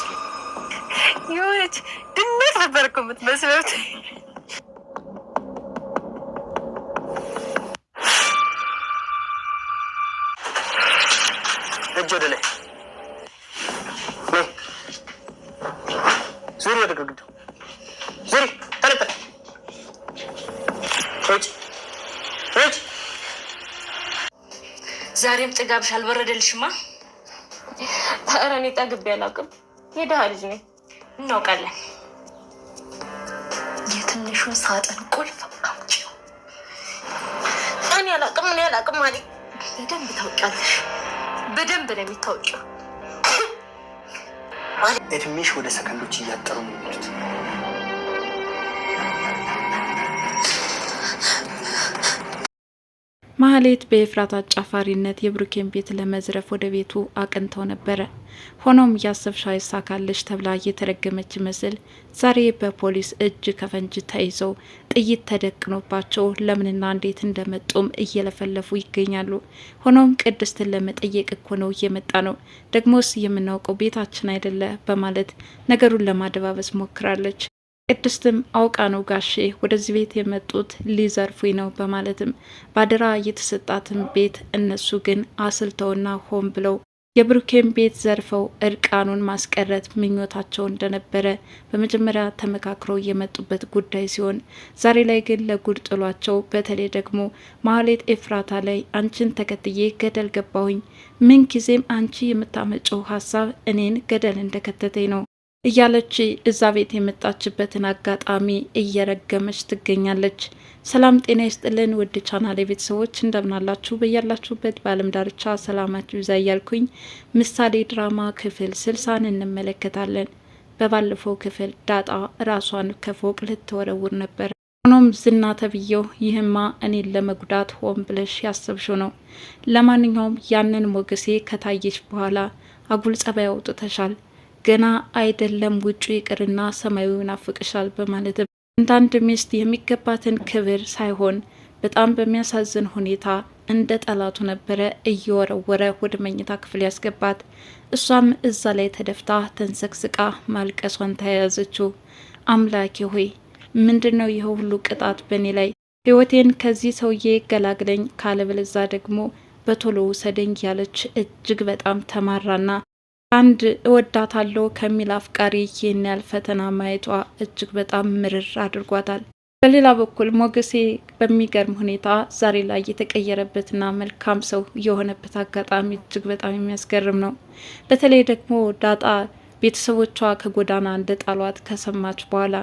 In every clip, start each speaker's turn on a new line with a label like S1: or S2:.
S1: የምትመስለው? የሆነች ድመት ነበር እኮ የምትመስለው። እጅ ወደ ላይ ዙሪ፣ ወደ ግድግዳው ዙሪ፣ ተለጠ ዛሬም ጥጋብሽ አልበረደልሽማ? ኧረ እኔ ጠግቤ አላውቅም። ሄደሃል፣ እናውቃለን። የትንሹን ሳጥን ቁልፍ አምጪ። እኔ አላቅም፣ እኔ አላቅም አለ። በደንብ ታውቂያለሽ፣ በደንብ ነው የሚታወቂው። እድሜሽ ወደ ሰከንዶች እያጠሩ ነው የሚሉት ማህሌት በኤፍራት አጫፋሪነት የብሩኬን ቤት ለመዝረፍ ወደ ቤቱ አቅንተው ነበረ። ሆኖም ያሰብሻ ይሳካለች ተብላ እየተረገመች መስል ዛሬ በፖሊስ እጅ ከፈንጅ ተይዘው ጥይት ተደቅኖባቸው ለምንና እንዴት እንደመጡም እየለፈለፉ ይገኛሉ። ሆኖም ቅድስትን ለመጠየቅ እኮ ነው እየመጣ ነው፣ ደግሞስ የምናውቀው ቤታችን አይደለ በማለት ነገሩን ለማደባበስ ሞክራለች። ቅድስትም አውቃ ነው ጋሼ ወደዚህ ቤት የመጡት ሊዘርፉኝ ነው በማለትም ባደራ የተሰጣትን ቤት እነሱ ግን አስልተውና ሆን ብለው የብሩኬን ቤት ዘርፈው እርቃኑን ማስቀረት ምኞታቸው እንደነበረ በመጀመሪያ ተመካክረው የመጡበት ጉዳይ ሲሆን ዛሬ ላይ ግን ለጉድ ጥሏቸው፣ በተለይ ደግሞ ማህሌት ኤፍራታ ላይ አንቺን ተከትዬ ገደል ገባሁኝ፣ ምን ጊዜም አንቺ የምታመጨው ሀሳብ እኔን ገደል እንደከተተኝ ነው እያለች እዛ ቤት የመጣችበትን አጋጣሚ እየረገመች ትገኛለች። ሰላም ጤና ይስጥልን ውድ ቻናሌ ቤተሰቦች እንደምናላችሁ በያላችሁበት በዓለም ዳርቻ ሰላማችሁ ይዛ እያልኩኝ ምሳሌ ድራማ ክፍል ስልሳን እንመለከታለን። በባለፈው ክፍል ዳጣ ራሷን ከፎቅ ልትወረውር ነበር። ሆኖም ዝና ተብዬው ይህማ እኔን ለመጉዳት ሆን ብለሽ ያሰብሽው ነው፣ ለማንኛውም ያንን ሞገሴ ከታየች በኋላ አጉል ጸባይ አውጥተሻል ገና አይደለም ውጩ ይቅርና ሰማዩ ይናፍቅሻል በማለት እንዳንድ ሚስት የሚገባትን ክብር ሳይሆን በጣም በሚያሳዝን ሁኔታ እንደ ጠላቱ ነበረ እየወረወረ ወደ መኝታ ክፍል ያስገባት። እሷም እዛ ላይ ተደፍታ ተንሰቅስቃ ማልቀሷን ተያያዘችው። አምላኬ ሆይ ምንድን ነው ይህ ሁሉ ቅጣት በእኔ ላይ? ህይወቴን ከዚህ ሰውዬ ገላግለኝ፣ ካለበለዛ ደግሞ በቶሎ ውሰደኝ ያለች እጅግ በጣም ተማራና አንድ እወዳታለሁ ከሚል አፍቃሪ ይህን ያህል ፈተና ማየቷ እጅግ በጣም ምርር አድርጓታል። በሌላ በኩል ሞገሴ በሚገርም ሁኔታ ዛሬ ላይ የተቀየረበትና መልካም ሰው የሆነበት አጋጣሚ እጅግ በጣም የሚያስገርም ነው። በተለይ ደግሞ ዳጣ ቤተሰቦቿ ከጎዳና እንደ ጣሏት ከሰማች በኋላ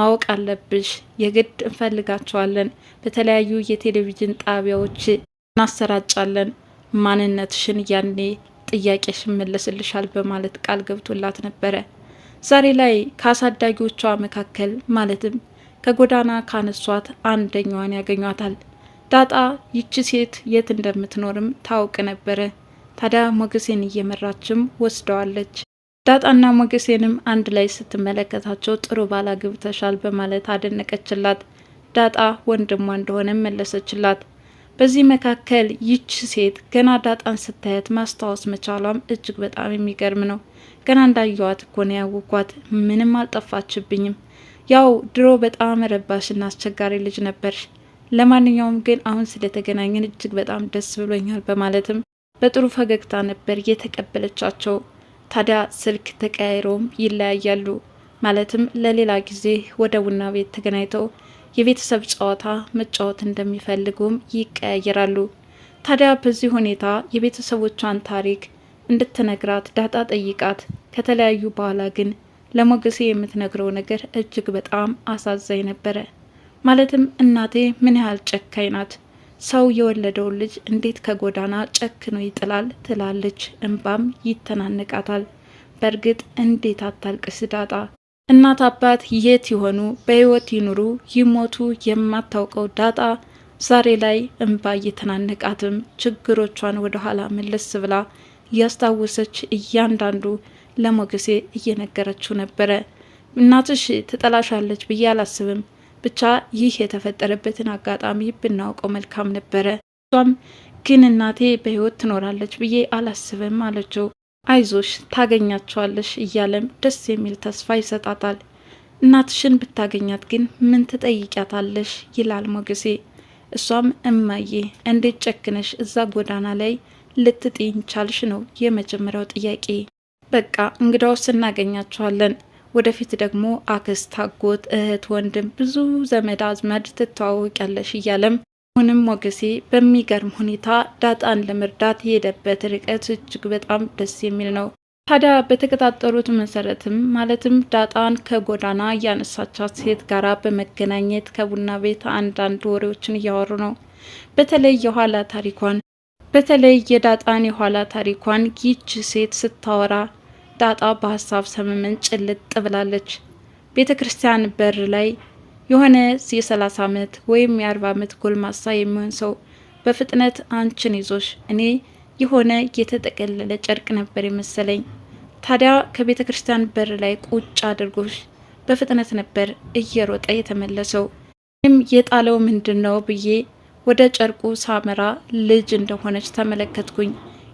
S1: ማወቅ አለብሽ፣ የግድ እንፈልጋቸዋለን፣ በተለያዩ የቴሌቪዥን ጣቢያዎች እናሰራጫለን ማንነትሽን ያኔ ጥያቄሽ ይመለስልሻል በማለት ቃል ገብቶላት ነበረ። ዛሬ ላይ ከአሳዳጊዎቿ መካከል ማለትም ከጎዳና ካነሷት አንደኛዋን ያገኟታል። ዳጣ ይቺ ሴት የት እንደምትኖርም ታውቅ ነበረ። ታዲያ ሞገሴን እየመራችም ወስደዋለች። ዳጣና ሞገሴንም አንድ ላይ ስትመለከታቸው ጥሩ ባላ ግብተሻል በማለት አደነቀችላት። ዳጣ ወንድሟ እንደሆነም መለሰችላት። በዚህ መካከል ይች ሴት ገና ዳጣን ስታያት ማስታወስ መቻሏም እጅግ በጣም የሚገርም ነው። ገና እንዳየዋት እኮ ነው ያወኳት። ምንም አልጠፋችብኝም። ያው ድሮ በጣም ረባሽና አስቸጋሪ ልጅ ነበር። ለማንኛውም ግን አሁን ስለተገናኘን እጅግ በጣም ደስ ብሎኛል በማለትም በጥሩ ፈገግታ ነበር የተቀበለቻቸው። ታዲያ ስልክ ተቀያይረውም ይለያያሉ። ማለትም ለሌላ ጊዜ ወደ ቡና ቤት ተገናኝተው የቤተሰብ ጨዋታ መጫወት እንደሚፈልጉም ይቀያየራሉ። ታዲያ በዚህ ሁኔታ የቤተሰቦቿን ታሪክ እንድትነግራት ዳጣ ጠይቃት ከተለያዩ በኋላ ግን ለሞገሴ የምትነግረው ነገር እጅግ በጣም አሳዛኝ ነበረ። ማለትም እናቴ ምን ያህል ጨካኝ ናት፣ ሰው የወለደውን ልጅ እንዴት ከጎዳና ጨክኖ ይጥላል ትላለች። እንባም ይተናነቃታል። በእርግጥ እንዴት አታልቅስ ዳጣ እናት አባት የት ይሆኑ፣ በህይወት ይኑሩ ይሞቱ የማታውቀው ዳጣ ዛሬ ላይ እንባ እየተናነቃትም ችግሮቿን ወደ ኋላ መለስ ብላ እያስታወሰች እያንዳንዱ ለሞገሴ እየነገረችው ነበረ። እናትሽ ትጠላሻለች ብዬ አላስብም፣ ብቻ ይህ የተፈጠረበትን አጋጣሚ ብናውቀው መልካም ነበረ። እሷም ግን እናቴ በህይወት ትኖራለች ብዬ አላስብም አለችው። አይዞሽ ታገኛቸዋለሽ እያለም ደስ የሚል ተስፋ ይሰጣታል። እናትሽን ብታገኛት ግን ምን ትጠይቂያታለሽ ይላል ሞገሴ። እሷም እማዬ እንዴት ጨክነሽ እዛ ጎዳና ላይ ልትጥይኝ ቻልሽ ነው የመጀመሪያው ጥያቄ። በቃ እንግዳውስ እናገኛቸዋለን። ወደፊት ደግሞ አክስት፣ አጎት፣ እህት፣ ወንድም ብዙ ዘመድ አዝመድ ትተዋወቂያለሽ እያለም አሁንም ሞገሴ በሚገርም ሁኔታ ዳጣን ለመርዳት የሄደበት ርቀት እጅግ በጣም ደስ የሚል ነው። ታዲያ በተቀጣጠሩት መሰረትም ማለትም ዳጣን ከጎዳና እያነሳቻት ሴት ጋር በመገናኘት ከቡና ቤት አንዳንድ ወሬዎችን እያወሩ ነው። በተለይ የኋላ ታሪኳን በተለይ የዳጣን የኋላ ታሪኳን ይች ሴት ስታወራ ዳጣ በሀሳብ ሰመመን ጭልጥ ብላለች። ቤተ ክርስቲያን በር ላይ የሆነ የሰላሳ 30 ዓመት ወይም የ40 ዓመት ጎልማሳ የሚሆን ሰው በፍጥነት አንቺን ይዞሽ እኔ የሆነ የተጠቀለለ ጨርቅ ነበር የመሰለኝ። ታዲያ ከቤተ ክርስቲያን በር ላይ ቁጭ አድርጎሽ በፍጥነት ነበር እየሮጠ የተመለሰው። ይህም የጣለው ምንድን ነው ብዬ ወደ ጨርቁ ሳመራ ልጅ እንደሆነች ተመለከትኩኝ።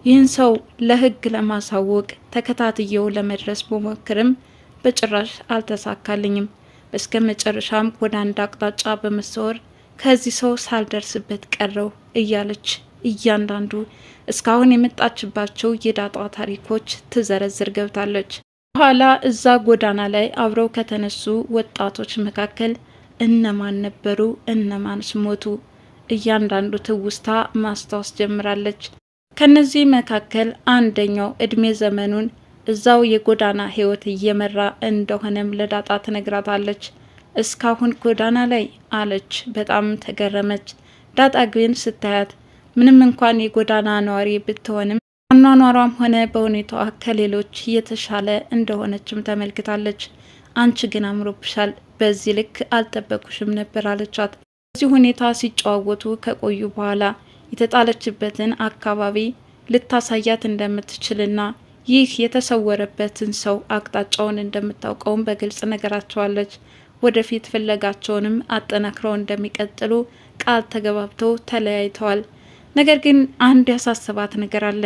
S1: ይህን ሰው ለህግ ለማሳወቅ ተከታትየው ለመድረስ ብሞክርም በጭራሽ አልተሳካልኝም። በስከ መጨረሻም ወደ አንድ አቅጣጫ በመሰወር ከዚህ ሰው ሳልደርስበት ቀረው እያለች እያንዳንዱ እስካሁን የመጣችባቸው የዳጣ ታሪኮች ትዘረዝር ገብታለች። በኋላ እዛ ጎዳና ላይ አብረው ከተነሱ ወጣቶች መካከል እነማን ነበሩ? እነማንስ ሞቱ? እያንዳንዱ ትውስታ ማስታወስ ጀምራለች። ከነዚህ መካከል አንደኛው እድሜ ዘመኑን እዛው የጎዳና ህይወት እየመራ እንደሆነም ለዳጣ ትነግራታለች። እስካሁን ጎዳና ላይ አለች። በጣም ተገረመች። ዳጣ ግን ስታያት ምንም እንኳን የጎዳና ነዋሪ ብትሆንም አኗኗሯም ሆነ በሁኔታዋ ከሌሎች የተሻለ እንደሆነችም ተመልክታለች። አንቺ ግን አምሮብሻል፣ በዚህ ልክ አልጠበቁሽም ነበር አለቻት። በዚህ ሁኔታ ሲጨዋወቱ ከቆዩ በኋላ የተጣለችበትን አካባቢ ልታሳያት እንደምትችልና ይህ የተሰወረበትን ሰው አቅጣጫውን እንደምታውቀውም በግልጽ ነገራቸዋለች። ወደፊት ፍለጋቸውንም አጠናክረው እንደሚቀጥሉ ቃል ተገባብተው ተለያይተዋል። ነገር ግን አንድ ያሳሰባት ነገር አለ።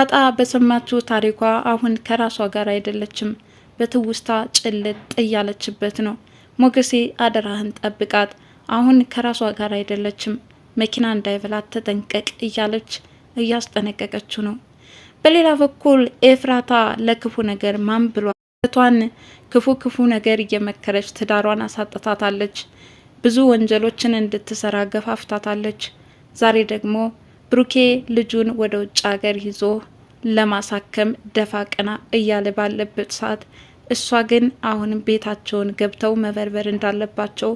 S1: ዳጣ በሰማችው ታሪኳ አሁን ከራሷ ጋር አይደለችም። በትውስታ ጭልጥ እያለችበት ነው። ሞገሴ አደራህን ጠብቃት፣ አሁን ከራሷ ጋር አይደለችም፣ መኪና እንዳይበላት ተጠንቀቅ እያለች እያስጠነቀቀችው ነው። በሌላ በኩል ኤፍራታ ለክፉ ነገር ማን ብሏል? እህቷን ክፉ ክፉ ነገር እየመከረች ትዳሯን አሳጥታታለች። ብዙ ወንጀሎችን እንድትሰራ ገፋፍታታለች። ዛሬ ደግሞ ብሩኬ ልጁን ወደ ውጭ ሀገር ይዞ ለማሳከም ደፋ ቀና እያለ ባለበት ሰዓት እሷ ግን አሁን ቤታቸውን ገብተው መበርበር እንዳለባቸው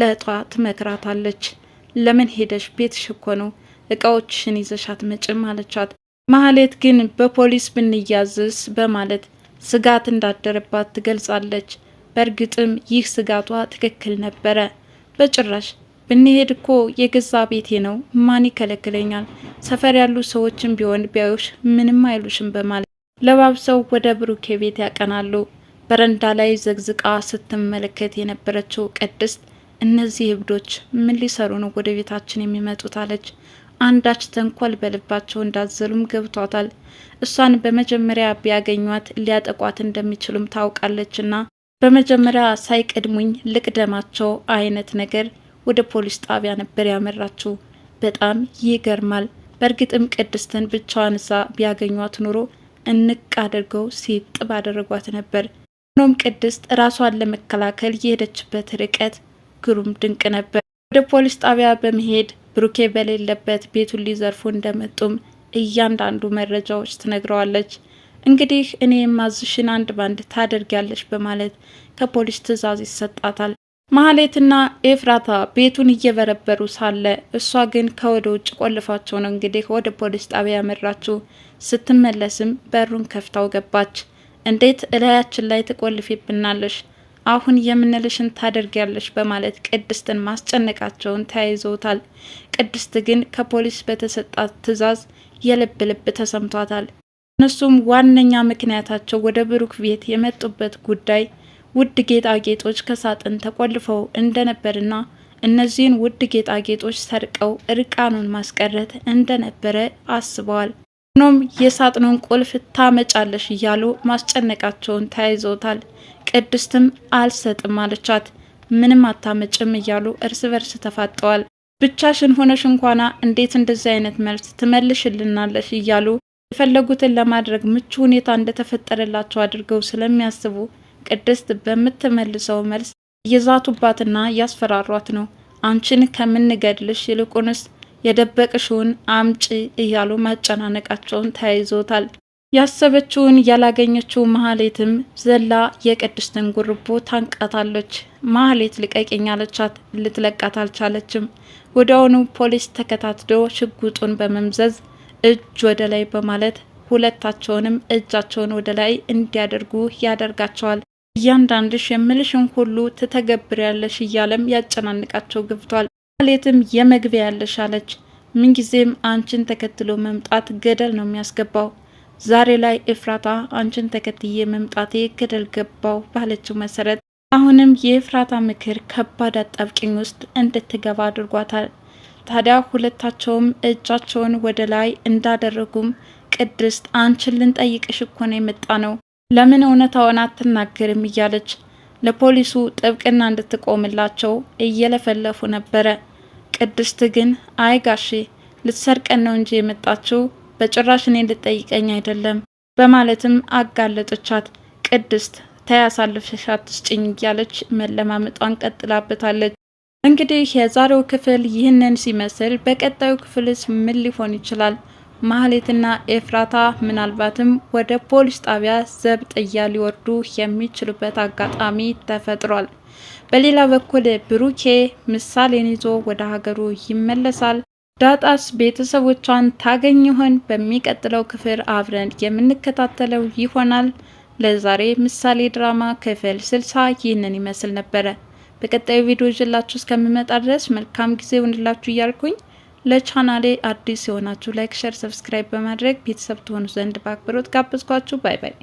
S1: ለእጧ ትመክራታለች። ለምን ሄደሽ ቤትሽ እኮ ነው እቃዎችሽን ይዘሻት መጭም አለቻት። ማህሌት ግን በፖሊስ ብንያዝስ በማለት ስጋት እንዳደረባት ትገልጻለች። በእርግጥም ይህ ስጋቷ ትክክል ነበረ። በጭራሽ ብንሄድ እኮ የገዛ ቤቴ ነው፣ ማን ይከለክለኛል? ሰፈር ያሉ ሰዎችን ቢሆን ቢያዩሽ ምንም አይሉሽም በማለት ለባብሰው ወደ ብሩኬ ቤት ያቀናሉ። በረንዳ ላይ ዘግዝቃ ስትመለከት የነበረችው ቅድስት እነዚህ እብዶች ምን ሊሰሩ ነው ወደ ቤታችን የሚመጡት? አለች። አንዳች ተንኮል በልባቸው እንዳዘሉም ገብቷታል። እሷን በመጀመሪያ ቢያገኟት ሊያጠቋት እንደሚችሉም ታውቃለችና በመጀመሪያ ሳይቀድሙኝ ልቅደማቸው አይነት ነገር ወደ ፖሊስ ጣቢያ ነበር ያመራችው። በጣም ይገርማል። በእርግጥም ቅድስትን ብቻዋን እዛ ቢያገኟት ኑሮ እንቅ አድርገው ሲጥ ባደረጓት ነበር። ሆኖም ቅድስት ራሷን ለመከላከል የሄደችበት ርቀት ግሩም ድንቅ ነበር። ወደ ፖሊስ ጣቢያ በመሄድ ብሩኬ በሌለበት ቤቱን ሊዘርፉ እንደመጡም እያንዳንዱ መረጃዎች ትነግረዋለች። እንግዲህ እኔ የማዝሽን አንድ ባንድ ታደርጊያለች በማለት ከፖሊስ ትዕዛዝ ይሰጣታል። ማህሌትና ኤፍራታ ቤቱን እየበረበሩ ሳለ እሷ ግን ከወደ ውጭ ቆልፋቸው ነው እንግዲህ ወደ ፖሊስ ጣቢያ ያመራችው። ስትመለስም በሩን ከፍታው ገባች። እንዴት እላያችን ላይ ትቆልፊብናለሽ? አሁን የምንልሽን ታደርጊያለሽ በማለት ቅድስትን ማስጨነቃቸውን ተያይዘውታል። ቅድስት ግን ከፖሊስ በተሰጣት ትዕዛዝ የልብ ልብ ተሰምቷታል። እነሱም ዋነኛ ምክንያታቸው ወደ ብሩክ ቤት የመጡበት ጉዳይ ውድ ጌጣጌጦች ከሳጥን ተቆልፈው እንደነበርና እነዚህን ውድ ጌጣጌጦች ሰርቀው እርቃኑን ማስቀረት እንደነበረ አስበዋል። ሆኖም የሳጥኑን ቁልፍ ታመጫለሽ እያሉ ማስጨነቃቸውን ተያይዘውታል። ቅድስትም አልሰጥም አለቻት። ምንም አታመጭም እያሉ እርስ በርስ ተፋጠዋል። ብቻሽን ሆነሽ እንኳና እንዴት እንደዚህ አይነት መልስ ትመልሽልናለሽ እያሉ የፈለጉትን ለማድረግ ምቹ ሁኔታ እንደተፈጠረላቸው አድርገው ስለሚያስቡ ቅድስት በምትመልሰው መልስ እየዛቱባትና እያስፈራሯት ነው። አንቺን ከምንገድልሽ ይልቁንስ የደበቅሽውን አምጪ እያሉ ማጨናነቃቸውን ተያይዞታል። ያሰበችውን ያላገኘችው ማህሌትም ዘላ የቅድስትን ጉርቦ ታንቃታለች። ማህሌት ልቀቂኝ አለቻት። ልትለቃት አልቻለችም። ወዲያውኑ ፖሊስ ተከታትዶ ሽጉጡን በመምዘዝ እጅ ወደ ላይ በማለት ሁለታቸውንም እጃቸውን ወደ ላይ እንዲያደርጉ ያደርጋቸዋል። እያንዳንድሽ የምልሽን ሁሉ ትተገብሪያለሽ እያለም ያጨናንቃቸው ገብቷል። ሌትም የመግቢያ ያለሽ አለች። ምንጊዜም አንቺን ተከትሎ መምጣት ገደል ነው የሚያስገባው። ዛሬ ላይ ኤፍራታ አንቺን ተከትዬ መምጣቴ ገደል ገባው ባለችው መሰረት አሁንም የኤፍራታ ምክር ከባድ አጣብቂኝ ውስጥ እንድትገባ አድርጓታል። ታዲያ ሁለታቸውም እጃቸውን ወደ ላይ እንዳደረጉም ቅድስት አንቺን ልንጠይቅሽ እኮ ነው የመጣ ነው፣ ለምን እውነታውን አትናገርም እያለች ለፖሊሱ ጥብቅና እንድትቆምላቸው እየለፈለፉ ነበረ። ቅድስት ግን አይ ጋሼ ልትሰርቀን ነው እንጂ የመጣችው በጭራሽ እኔን አይደለም በማለትም አጋለጠቻት። ቅድስት ተያሳልፈሽ አትስጭኝ እያለች መለማመጧን ቀጥላበታለች። እንግዲህ የዛሬው ክፍል ይህንን ሲመስል፣ በቀጣዩ ክፍልስ ምን ሊሆን ይችላል? ማህሌትና ኤፍራታ ምናልባትም ወደ ፖሊስ ጣቢያ ዘብጥያ ሊወርዱ የሚችሉበት አጋጣሚ ተፈጥሯል። በሌላ በኩል ብሩኬ ምሳሌን ይዞ ወደ ሀገሩ ይመለሳል። ዳጣስ ቤተሰቦቿን ታገኝ ይሆን? በሚቀጥለው ክፍል አብረን የምንከታተለው ይሆናል። ለዛሬ ምሳሌ ድራማ ክፍል ስልሳ ይህንን ይመስል ነበረ። በቀጣዩ ቪዲዮ ይዤላችሁ እስከምመጣ ድረስ መልካም ጊዜ ይሁንላችሁ እያልኩኝ ለቻናሌ አዲስ የሆናችሁ ላይክ፣ ሸር፣ ሰብስክራይብ በማድረግ ቤተሰብ ትሆኑ ዘንድ በአክብሮት ጋብዝኳችሁ። ባይ ባይ።